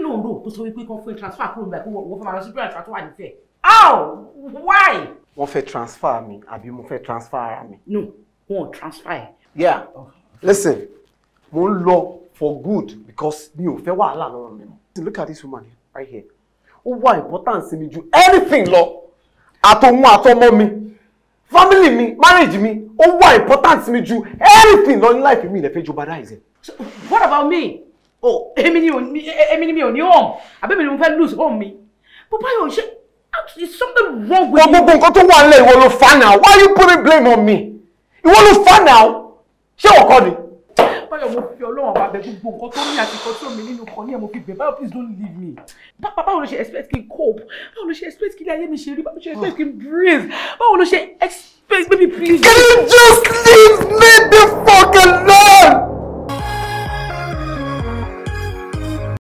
kí ló ń rò tó sọ wípé kán fún transfer kúrò nígbà pé wọ́n fẹ́ máa lọ sí branch àtúwà nífẹ̀ẹ́ how why. wọ́n fẹ́ transfer mi àbí mo fẹ́ transfer ara mi. no wọn ò transfer ẹ. yeah listen mo ń lọ for good because mi ò fẹ́ wàhálà lọ́rùn mi mọ́. look at this woman right here ó wá importance sí mi ju anything lọ àtòhun àtọmọ mi family mi marriage mi ó wá importance sí mi ju anything lọ ní life mi ìlẹ̀fẹ́ jọba dáìsẹ̀. what about me. Oh, èmi ni èmi ni mi ò ní home àbí mi ni mo lose home me. Papa, you ṣe is something wrong with you. gbogbo nǹkan tó wà nílẹ̀ ìwọ ló fa now why you putting blame on me ìwọ ló fa now ṣé ọkọ ni. báyọ̀ mo fi ọlọ́run ọba bẹ gbogbo nǹkan tó ní àti nǹkan tó mi nínú kan ní ẹ̀ mo fi bẹ̀ please don't leave me. Papa, ló ṣe expect to cope báwo ló ṣe expect to ilé me, mi ṣe rí báwo expect to breathe báwo ló ṣe expect baby please. kí ni